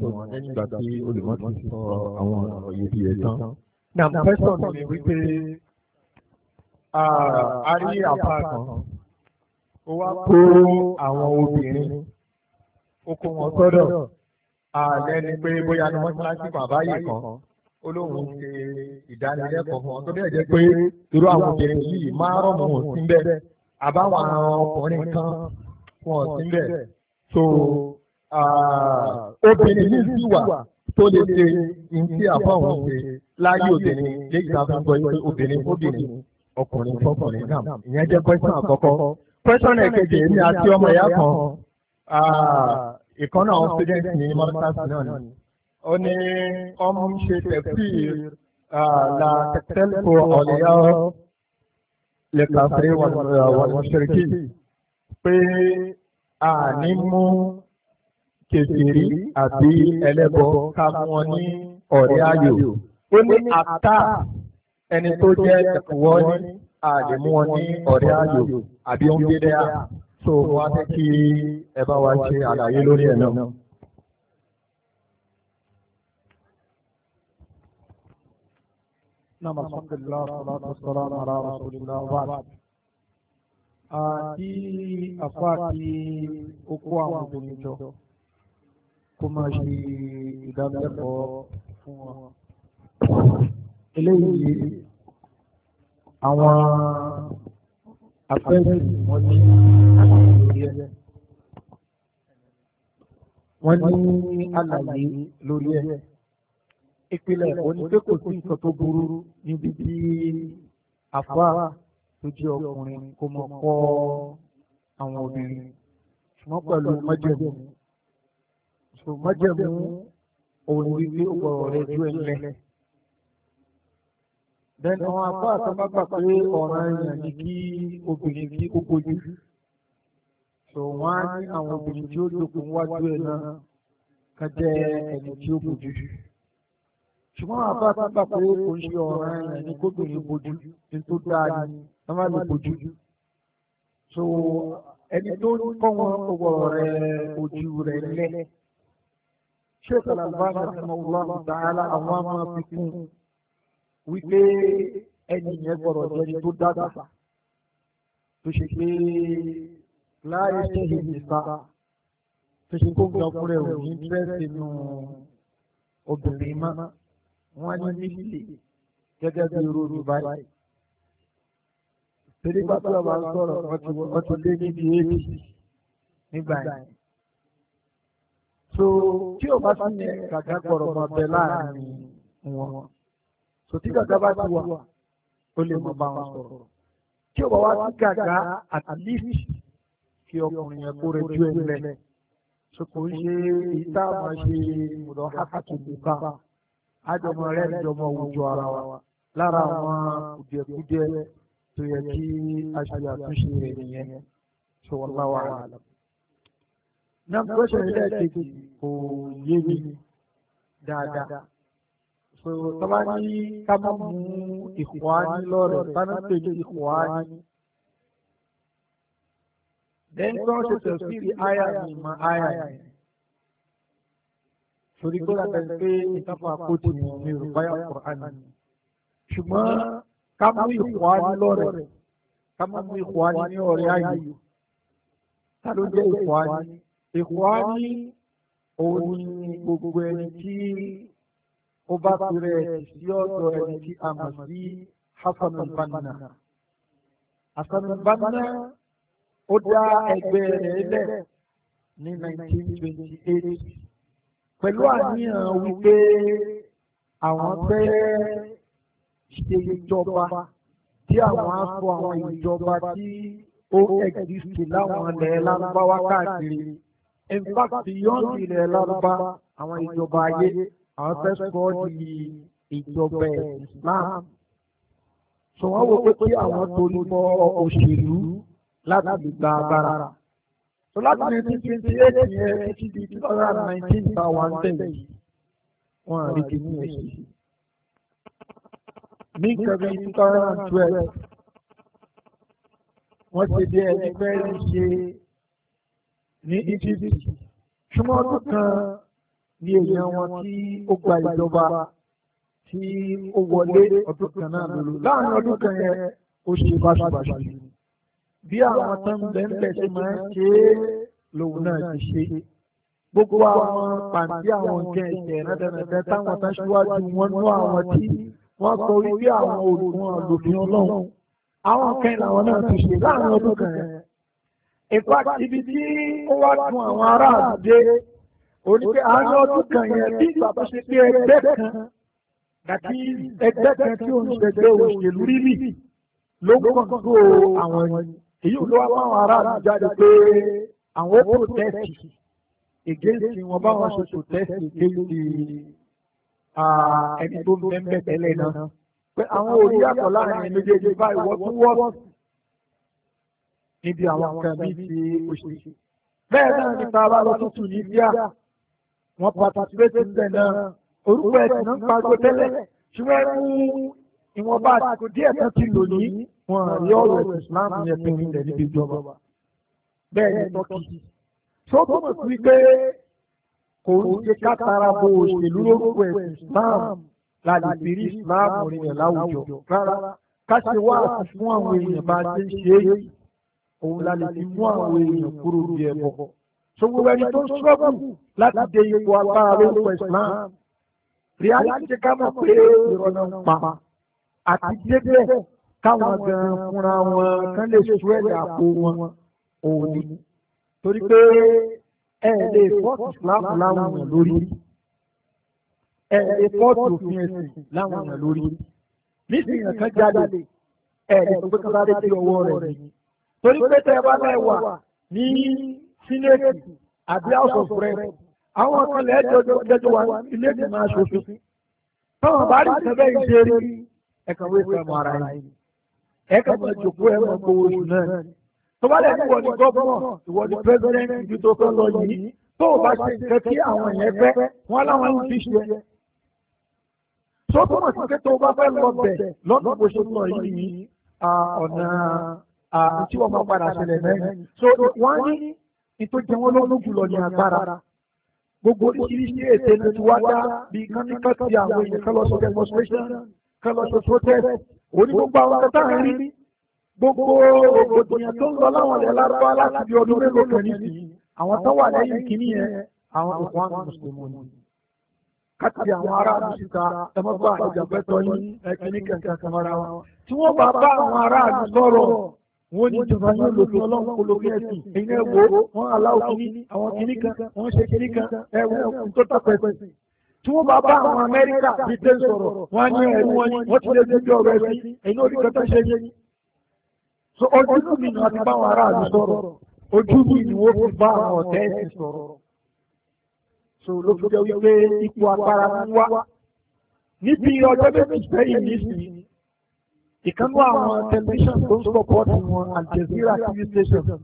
ni wọ́n lẹ́yìn ìgbà tí olùmọ̀tò sọ àwọn ọ̀rọ̀ yìí yẹn tán. na pẹ́sọ̀n mi wípé a rí àpá kan ó wá kó àwọn obìnrin ó kó wọn sọ́dọ̀ àlẹ́ ni pé bóyá ni wọ́n ti láti bàbá yìí kan olóhùn ṣe ìdánilẹ́kọ̀ọ́ kan tó bẹ́ẹ̀ jẹ́ pé irú àwọn obìnrin yìí máa rọ̀mọ̀ wọn síbẹ̀ àbáwọn ọkùnrin kan wọn síbẹ̀ so. so Ah, obìnrin ní sí wà tó lè ṣe ìǹtí àbáwọn ṣe láyé obìnrin léyìí tá a fi ń gbọ́ yín obìnrin obìnrin ọkùnrin fọkùnrin náà ìyẹn jẹ́ question àkọ́kọ́ question ẹ̀kejì èmi àti ọmọ ìyá kan ah, ìkan náà student ní masters náà ni ó ní ọmọ ń ṣe tẹ̀sí ah, la tẹ̀sẹ̀lẹ̀kọ ọ̀lẹ́yà lẹ́kàfẹ́ wọn ṣèrìkì pé a ní mú kèfèrí àbí ẹlẹ́bọ ká mú wọn ní ọ̀rẹ́ ayò ó ní àtà ẹni tó jẹ́ ẹ̀kúwọ́ ní àlèmú wọn ní ọ̀rẹ́ ayò àbí ó ń gbé dẹ́yà tó wá fẹ́ kí ẹ bá wa ṣe àlàyé lórí ẹ̀ náà. Nam alhamdulillah, salatu wassalam ala rasulillah wa ba'd àti àfáà tí ó kó àwọn obìnrin jọ kó máa ṣe ìdánilẹ́kọ̀ọ́ fún wọn. eléyìí àwọn afẹ́sì wọn ní àlàyé wọn ní àlàyé lórí ẹ̀ ìpìlẹ̀ onípẹ́ kò sí nǹkan tó burú níbi tí àfa tó jẹ́ ọkùnrin kó mọ̀ kọ́ àwọn obìnrin ṣùgbọ́n pẹ̀lú májẹ̀mú ṣùgbọ́n jẹ̀mú òun wípé ó gbọ́rọ̀ rẹ̀ ju ẹ̀lẹ́. Bẹ́ẹ̀ni àwọn apá àtọ́gbà gbà pé ọ̀ràn èèyàn ni kí obìnrin kí ó gbójú. Sọ wọ́n á ní àwọn obìnrin tí ó jókòó wájú ẹ̀ náà ká jẹ́ ẹni tí ó gbójú. Ṣùgbọ́n àwọn apá àtọ́gbà pé kò ṣe ọ̀ràn èèyàn ni kóbìnrin gbójú ní tó dáa ni wọ́n má lè gbójú. So ẹni tó ń kọ́ wọn ọ̀rọ̀ rẹ̀ ojú rẹ̀ lẹ́. Sheikh Al-Albani rahimahullahu ta'ala àwọn máa fi kún wípé ẹni yẹn gbọ́dọ̀ jẹ́ni tó dáadáa tó ṣe pé láàyè ṣe ìgbésà tó ṣe kó gbà fúnra ẹ̀ ní dírẹ́sì nù obìnrin má wọ́n ní nílé gẹ́gẹ́ bí irú mi báyìí. Torí pátá bá ń sọ̀rọ̀ wọ́n ti lé níbi èébì nígbà yẹn so tí o bá sì ní gàgà gbọ̀rọ̀ mọ̀ bẹ láàrin wọn so tí gàgà bá ti wà o lè mọ̀ bá wọn sọ̀rọ̀ tí o bá wá sí gàgà at least kí ọkùnrin yẹn kó rejú ẹ lẹ so kò ń ṣe ìta máa ṣe mùdọ̀ hákàtì nìkan àjọmọ rẹ níjọmọ òwújọ ara wa lára àwọn kùdìẹ̀kùdìẹ̀ tó yẹ kí a ṣe àtúnṣe rẹ̀ nìyẹn so wallahu a'lam náà gbọ́sẹ̀ ẹlẹ́ẹ̀kejì kò yé mi dáadáa so tọ́ba ní ká má mú ìkùhání lọ́rẹ̀ bánà pé ní ìkùhání. Then kí wọ́n ṣe tẹ̀síìrì àyà mi mọ àyà yẹn. Torí kó dàgbà ní pé ìtàkùn àpótí wọn mi ò báyà Kùránì. Ṣùgbọ́n ká mú ìkùhání lọ́rẹ̀ ká má Ìkọ́ni òun ni gbogbo ẹni tí ó bá tirẹ̀ sí ọ̀dọ̀ ẹni tí a mọ̀ sí Hassanul Banna. ó dá ẹgbẹ́ rẹ̀ lẹ̀ ní 1928 pẹ̀lú àníyàn wípé àwọn fẹ́ ṣe ìjọba tí àwọn á sọ àwọn ìjọba tí ó ẹ̀gísì láwọn ilẹ̀ lágbáwá káàkiri in fact beyond ilẹ̀ lárúbá àwọn ìjọba ayé àwọn fẹ́ sọ ọ́ di ìjọba Islam sọ wọ́n wò pé kí àwọn torí mọ́ òṣèlú láti gba agbára so láti nineteen twenty eight yẹn títí di two thousand and nineteen ta wà ń tẹ̀lé wọn àrí kìíní ẹ̀ sí ní nǹkan bíi two thousand twelve wọ́n ṣe bí ẹni fẹ́ẹ́ ṣe ní Egypt ṣùgbọ́n ọdún kan ní èèyàn wọn tí ó gba ìjọba tí ó wọlé ọdún kan náà lòlò láàrin ọdún kan yẹn ó ṣe báṣubàṣu bí àwọn tó ń bẹ́ńbẹ́ ṣe máa ń ṣe é lòun náà ti ṣe gbogbo àwọn pàǹtí àwọn nǹkan ẹ̀jẹ̀ rẹ́dẹ̀rẹ́dẹ́ táwọn tó ṣíwájú wọn nú àwọn tí wọ́n sọ wípé àwọn olùwọ̀n lòfin ọlọ́run àwọn nǹkan ìlànà náà ti ṣe láàrin ọdún kan yẹn ìfàkì ibi tí ó wá dùn àwọn ará àdúgbò onípe àárín ọdún kan yẹn bí ìgbà tó ṣe pé ẹgbẹ́ kan àti ẹgbẹ́ kan tí òun ṣẹgbẹ́ òṣèlú rírì ló ń kọ́ńtò àwọn ẹ̀yìn èyí ló wá báwọn ará àdúgbò jáde pé àwọn ó protest against wọn báwọn ṣe protest against ah, ah, ẹni tó ń bẹ́ẹ̀ bẹ́ẹ̀ tẹ́lẹ̀ náà pé àwọn òní àkọ́lá ẹ̀yìn méjèèjì báyìí wọ́n tún wọ́ọ̀sì níbi àwọn nǹkan bíi ti òṣèlú. bẹ́ẹ̀ náà nípa bá lọ tuntun ní bíà wọ́n pàtàkìrẹ́tì ńlẹ̀ náà orúkọ ẹ̀sìn náà ń pariwo tẹ́lẹ̀ ṣùgbọ́n ẹ̀kú ìwọ̀nba àsìkò díẹ̀ tán ti lò ní wọn àrí ọ̀rọ̀ ẹ̀sìn Islam yẹn pé nílẹ̀ níbi ìjọba bẹ́ẹ̀ ni tọ́kì. tó tó mọ̀ sí pé kò ń ṣe kátara bo òṣèlú lórúkọ ẹ̀sìn Islam lálẹ́ ìrí Islam rìn láwùjọ rárá ká ṣe wá fún àwọn èèyàn bá ṣe ń ṣe é òun la lè fi mú àwọn èèyàn kúrò bí ẹbọ so gbogbo ẹni tó ń sọ́ọ̀bù láti dé ipò agbára lórúkọ Islam reality ká mọ̀ pé ìrọ̀nà ń pa àti débẹ̀ káwọn gan fúnra wọn kán lè sú ẹ̀dá àpò wọn òun ni torí pé ẹ lè fọ́ọ̀tù Islam láwọn lórí ẹ lè fọ́ọ̀tù òfin ẹ̀sìn láwọn lórí nísìnyàn kan jáde ẹ lè sọ pé kan bá dé ọwọ́ rẹ̀ nìyí torí pé tẹ́ ẹ bá lẹ́ wà ní sínéètì àbí house of rep àwọn kan lẹ́ jọjọ wà ilé ìgbìmọ̀ máa ṣòfin táwọn bá rí ìṣẹ́bẹ̀ ìṣe rí ẹ̀kan wé fẹ́ mọ ara yìí ẹ̀kan mọ jòkó ẹ̀ mọ gbowó oṣù náà tó bá lẹ̀ ní ìwọ ni gọ́fúnà ìwọ ni pírẹ́sidẹ́ntì ibi tó fẹ́ lọ yìí tó o bá ṣe nǹkan tí àwọn yẹn fẹ́ wọn láwọn ń fi ṣe tó túmọ̀ sí pé tó o bá fẹ́ lọ bẹ̀ lọ́nà bó ṣe lọ yìí ọ̀nà tí wọ́n máa padà ṣẹlẹ̀ mẹ́rin so wọ́n ní ètò jẹun ológun jùlọ ní agbára gbogbo oríṣiríṣi ètò ẹni tí wá dá bí káníkà ti àwọn èèyàn kan lọ sí demonstration kan lọ sí protest òní gbogbo àwọn ọ̀tá ń rí gbogbo ògbòdìyàn tó ń lọ láwọn ilẹ̀ lárúbá láti bí ọdún mélòó kan nísìnyí àwọn tó wà lẹ́yìn kìíní yẹn àwọn ìwọ̀n mùsùlùmí káàkiri àwọn ará àdúgbò ẹ má bá àjàgbẹ́tọ̀ yín ẹ̀kíní kẹ̀kẹ́ kan mọ́ra wọn tí wọ́n bá bá àwọn ará àdúgbò sọ̀rọ̀ wọ́n ní ìjọba yóò lò fún ọlọ́run kó ló fi ẹ̀sìn ẹ̀yin ẹ̀ wò ó wọ́n aláwọ̀ kìíní àwọn kìíní kan wọ́n ṣe kìíní kan ẹ̀ wò ó tó tàpẹ̀ sí. tí wọ́n bá bá àwọn amẹ́ríkà ti tẹ́ sọ̀rọ̀ wọ́n á ní ẹ̀rú wọn ni wọ́n ti lè fi ọ̀rọ̀ ẹ̀sìn ẹ̀yin náà olùkọ́ tó ṣe é ní. so ojú mi ni wọ́n ti bá àwọn aráàlú sọ̀rọ̀ ojú mi ni wọ́n fi bá àwọn ọ̀tẹ̀ ẹ̀sìn sọ̀rọ̀ ìkánú àwọn tẹlifíṣàn tó ń sọpọ́ọ̀tì wọn Aljazeera tv station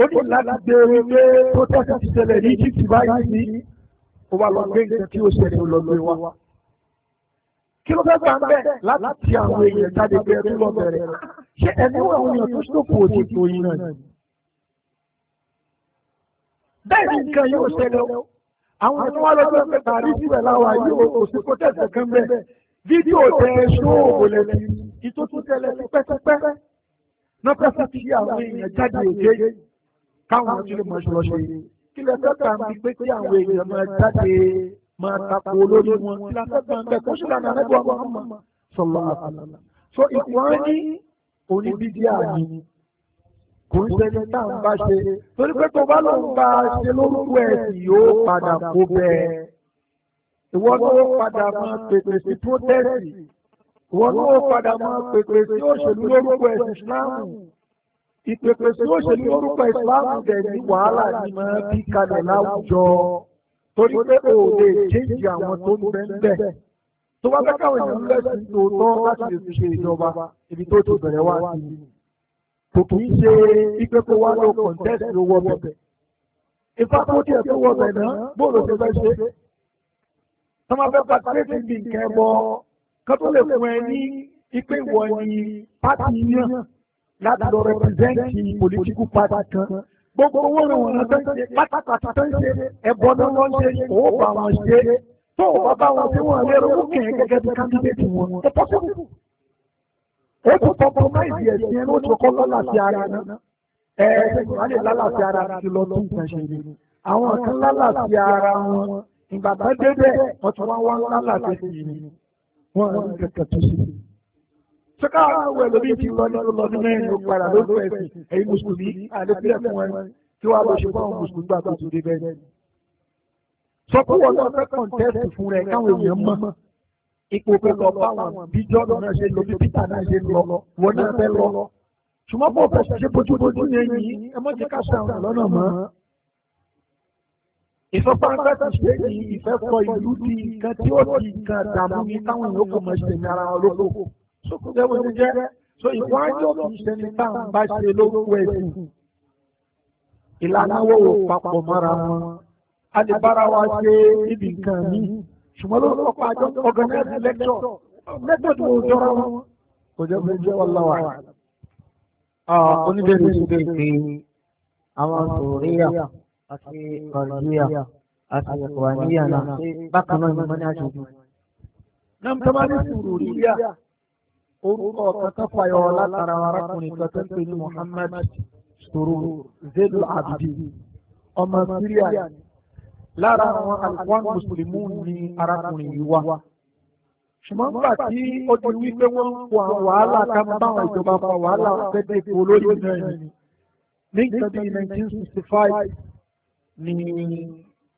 ó ní láti béèrè pé protest ti ṣẹlẹ̀ ní Egypt báyìí ní ó wà lọ gbé nǹkan tí ó ṣẹlẹ̀ lọ gbé wa. kí ló fẹ́ gbà ń bẹ̀ láti àwọn èèyàn jáde pé ẹtú lọ bẹ̀rẹ̀ ṣé ẹni wà àwọn èèyàn tó ṣòkò òtítù yìí náà. bẹ́ẹ̀ ni nǹkan yóò ṣẹlẹ̀ o àwọn ẹni wà lọ gbé Paris síbẹ̀ láwa yóò kò sí protest kan bẹ́ẹ̀ fídíò tẹ ṣóògùn lẹ́nu ìtò tó tẹ̀lé tipẹ́tipẹ́ náà pẹ́sẹ́ ti ṣe àwọn èèyàn jáde òde káwọn tí lè mọ ṣe lọ́ṣẹ́ kí lè sẹ́gbà ń bí pé kí àwọn èèyàn máa jáde máa tako olórí wọn kí lè sẹ́gbà ń bẹ kó ṣe lànà rẹ̀ wọ́n mọ̀ sọ̀rọ̀ àfàlà. so ìwọ́n ní oníbídí àmì kò ń ṣe ní táwọn bá ṣe torí pé tó bá lọ ń bá ṣe lórúkọ ẹ̀sìn yóò padà kó bẹ́ẹ̀ ìwọ́n tó padà máa pèpè sí protest wọn ó padà máa pèpè sí òṣèlú lórúkọ ẹ̀sìn ìsìláàmù ìpèpè sí òṣèlú lórúkọ ìsìláàmù dẹ̀ ní wàhálà ni máa bí kalẹ̀ láwùjọ torí pé o lè chéjì àwọn tó ń bẹ ń bẹ tó bá fẹ́ káwọn èèyàn lẹ́sìn tòótọ́ láti lè fi ṣe ìjọba ibi tó ti bẹ̀rẹ̀ wá sí i kò kì í ṣe ipe kó wá ló kọ̀ǹtẹ́sì owó ọbẹ̀ ìfá tó tiẹ̀ tó wọ ọbẹ̀ náà bóòlù ti fẹ́ ṣe tọ́mọ fẹ́ pàtàkì ká tó lè fún ẹ ní ipe ìwọ ni pátì yàn láti lọ rẹpẹsẹ́ǹtì pòlítíkù pátì kan gbogbo owó rẹ̀ wọ̀n náà tán ṣe pátákàtà tán ṣe ẹ̀bọ náà wọ́n ṣe òwò bá wọn ṣe tó o bá bá wọn ṣe wọn lérò ó kẹ̀ gẹ́gẹ́ bí kándídéètì wọn ó pọ́sibú. ó tún tọ́pọ̀ máa ìdí ẹ̀sìn ẹ̀ ló tún kọ́ lálàsí ara náà ẹ̀ ẹ̀ ṣe lálàsí ara ti lọ tún ìtàn ṣe ni àwọn kan lálàsí ara wọn ìgbà bá dé bẹ́ẹ̀ wọ́n tún wá wá lálàsí wọn àwọn kẹkẹ tó ṣe. sọ́kà àwọn ẹlòmí ti lọ ní ọlọ́dún mẹ́rin ló padà ló fẹ́ sí ẹ̀yin mùsùlùmí àdókòlẹ̀ fún wọn tí wàá lọ ṣe fún àwọn mùsùlùmí gbà tó ti dé bẹ́ẹ̀. sọ pé wọn lọ fẹ́ kọ̀ǹtẹ́ẹ̀tì fún rẹ káwọn èèyàn mọ̀ ipò pé lọ bá wọn bí jọ́dọ̀ náà ṣe lọ bí pítà náà ṣe lọ wọn náà fẹ́ lọ. ṣùgbọ́n bó fẹ́ ṣe bójúbójú yẹn yìí ẹ mọ́ ìfọ́páńká ti ṣe ní ìfẹ́kọ̀ ìlú di nǹkan tí ó di nǹkan dààmú ní táwọn ìyókù mọ̀ ṣe ní ara wọn lóko sókùnjẹ́ wo ni jẹ́ so ìwájú òkú ṣe ní tá à ń bá ṣe lóko ẹ̀sìn ìlànà wo papọ̀ mọ́ra wọn a lè bára wa ṣe ibi nǹkan mi ṣùgbọ́n ló ń kọ́kọ́ àjọ organize lecture method wo jọra wọn kò jẹ́ fún jẹ́ ọlọ́wà. Ah, oníbẹ̀rẹ̀ ṣe àti kọ̀ọ̀lùyà àti ìwàníyà náà bákan náà ni mọ́ni àjòjì. náà tó bá ní sùúrù ríyà orúkọ kankan fàyọ látara arákùnrin kan tó ń pè ní Muhammad sùúrù zedu abidi ọmọ síríà lára àwọn alukwan mùsùlùmí ni arákùnrin yìí wá ṣùgbọ́n nígbà tí ó ti wí pé wọ́n ń po àwọn wàhálà ká báwọn ìjọba fa wàhálà fẹ́ẹ́ dé olórí náà ni ní nǹkan bíi nineteen ni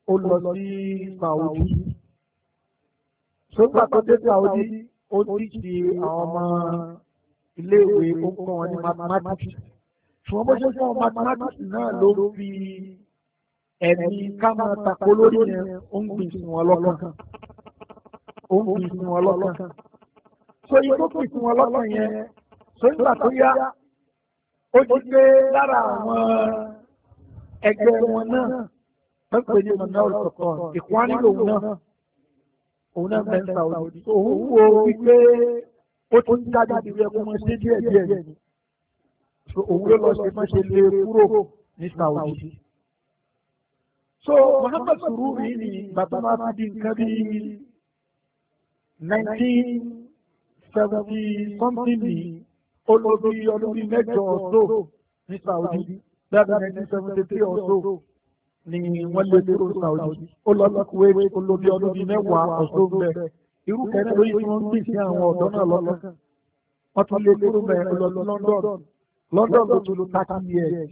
ó lọ sí Saudi sógbà tó dé Saudi ó ti di àwọn ọmọ iléèwé ó ń kọ́ wọn ní mathematics ṣùgbọ́n bó ṣe fún ọmọ mathematics náà ló fi ẹ̀mí ká máa tako lórí yẹn ó ń gbìn fún wọn lọ́kàn ó ń gbìn fún wọn lọ́kàn so iye tó gbìn fún wọn lọ́kàn yẹn sógbà tó yá ó ti gbé lára àwọn ẹgbẹ́ wọn náà wọ́n pè ní ọ̀nà ọ̀sọ̀kan ìkwáni lòun náà òun náà bẹ́ẹ̀ ń sa òdì. òun wo wípé ó ti ń jáde ìlú ẹkún mọ́ sí díẹ̀ díẹ̀ ni òun ló lọ ṣe má ṣe lè kúrò ní Saudi. so Muhammad Sururi ni bàbá máa fi di nǹkan bíi nineteen seventy something ni ó lọ bí ọdún bíi mẹ́jọ ọ̀dọ́ ní Saudi láti 1973 ọ̀ṣọ́ ni wọ́n lé kúrò Saudi ó lọ sí Kuwait ó lọ bí ọdún bíi mẹ́wàá ọ̀ṣọ́ bẹ́ẹ̀ irú kẹrin lóyún tí wọ́n ń gbìn sí àwọn ọ̀dọ́ náà lọ́kàn wọ́n tún lé kúrò bẹ́ẹ̀ ó lọ sí London London ló tún lu thirty years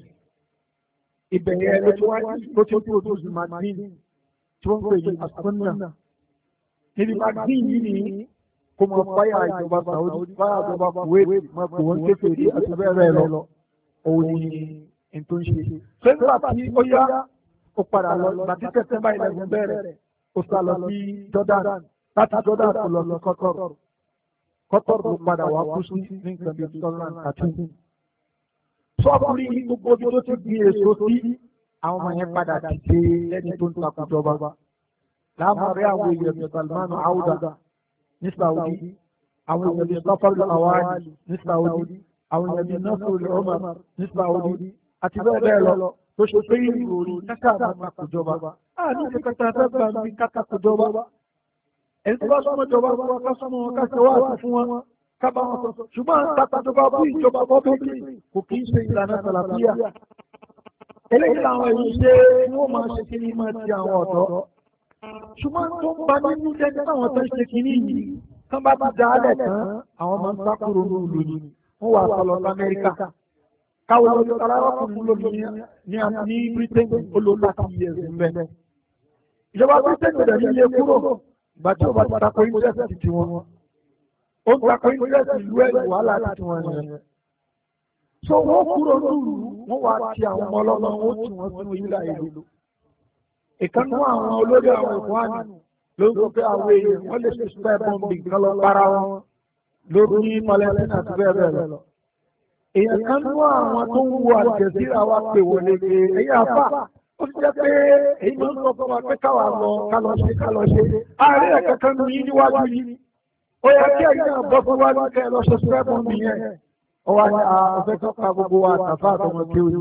ibẹ̀ yẹn ló ti wáyé ló ti produce magazine tí wọ́n ń pè ní asuna níbi magazine yìí ni kò mọ fáyà ìjọba Saudi fáyà ìjọba Kuwait mọ kò wọ́n kékeré àti bẹ́ẹ̀ bẹ́ẹ̀ lọ òun ni n tó ń ṣe. sẹ́ńtà tí ó yá ó padà lọ ìgbà tí sẹ́tẹ́mbà eleven bẹ̀rẹ̀ ó sá lọ sí Jordan láti Jordan kò lọ sí Qatar Qatar ló padà wá kú sí ní nǹkan bíi two thousand thirteen. sọ́ọ̀bùrì gbogbo ibi tó ti gbin èso sí àwọn ọmọ yẹn padà dìde lẹ́ni tó ń takùjọba. láàmúrẹ́ àwọn èèyàn ní Salman Auda ní Saudi àwọn èèyàn ní Safar Awali ní Saudi àwọn èèyàn ní Nasrul Umar ní Saudi àti bẹ́ẹ̀ bẹ́ẹ̀ lọ tó ṣe pé ìròyìn káká àbámá kò jọba a ní ìṣe kẹta fẹ́ gbà ń bí káká kò jọba ẹni tó bá súnmọ́ jọba fún wa ká súnmọ́ wọn ká ṣe wá àti fún wọn ká bá wọn sọ ṣùgbọ́n àtàkùn fún ìjọba bọ́bẹ́lì kò kì í ṣe ìlànà sàlàbíà eléyìí làwọn èyí ṣe ni wọ́n máa ṣe kí ní máa ti àwọn ọ̀dọ́ ṣùgbọ́n tó ń bá nínú jẹ́ni táwọn tó ń ṣe kí ní yìí tán bá ti dáálẹ̀ tán àwọn máa ń sákòrò ní ìlú ni wọ́n wà sọ lọ sí Amẹ́ríkà káwọn arákùnrin lónìí ní ní britain olóòlù àti ìyẹ̀sì ń bẹ. ìjọba britain kò dẹ̀bi iye kúrò ìgbà tí ó bá ti takò interest ti wọn. ó ń takò interest ìlú ẹ̀ wàhálà ti wọn yẹn. so wọ́n kúrò lóru wọ́n wá ti àwọn ọmọ ọlọ́run ó tì wọ́n sínú ilé ìlú. ìkànnú àwọn olórí àwọn ẹ̀kọ́ àná ló ń sọ pé àwọn èèyàn wọ́n lè ṣe spare bomb gbọ́n lọ para wọn lórí Palestine àti bẹ́ẹ̀ bẹ́ẹ̀ lọ èèyàn kan ní àwọn tó ń wo àjẹsíra wa pè wọlé pé ẹ̀yà fà ó ti jẹ́ pé èyí máa ń sọ fún wa pé káwa lọ kálọ ṣe kálọ ṣe ààrẹ ẹ̀ka kan ní níwájú yìí ó yẹ kí ẹ̀yìn náà bọ́ fún wájú kẹ́ ẹ lọ ṣe sẹ́fún mi yẹn ó wá ní afẹ́ tó pa gbogbo wa àtàfà àtọmọ kéwì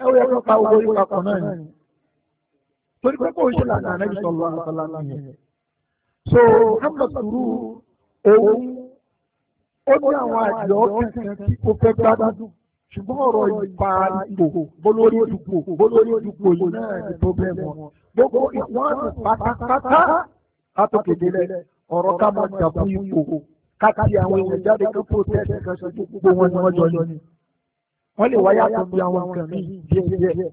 ẹ ó yẹ kó pa gbogbo yìí papọ̀ náà ni torí pé kò ń ṣe lànà ànábì sọ̀rọ̀ àtàlà náà yẹn so ó ní àwọn àjọ kẹsàn-án tí ó fẹ́ gbádùn ṣùgbọ́n ọ̀rọ̀ ìpa ipò bólórí dùpò bólórí dùpò yìí náà ni tó bẹ́ẹ̀ mọ́ gbogbo ìwọ́nù pátápátá látòkèdélẹ̀ ọ̀rọ̀ ká mọ̀ jàpọ̀ ipò káàkiri àwọn èèyàn jáde kan protest kan ṣojú gbogbo wọn ni wọ́n jọ yọ ni wọ́n lè wáyà tó bí àwọn nǹkan míì díẹ̀díẹ̀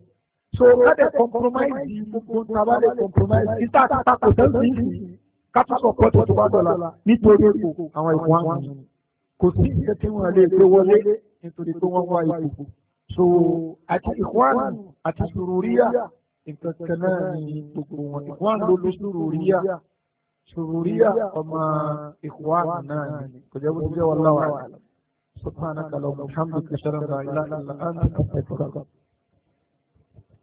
so kádẹ compromise gbogbo tabalẹ compromise títà kàtàkùn tẹ́lifíṣì kátó sọ̀kọ́ tó tó bá dọ̀la nítorí ipò àwọn ìwọ́n àwọn ènìyàn kò sí ìṣẹ́ tí wọ́n lè gbé wọlé nítorí pé wọ́n wá ipò so àti Ikhwan àti Sururiya nǹkan kan náà ni gbogbo wọn Ikhwan ló ló Sururiya Sururiya ọmọ Ikhwan náà ni kò jẹ́ bó ti jẹ́ wallahu a'lam subhanaka Allahumma wa bihamdika ashhadu an la ilaha illa anta astaghfiruka.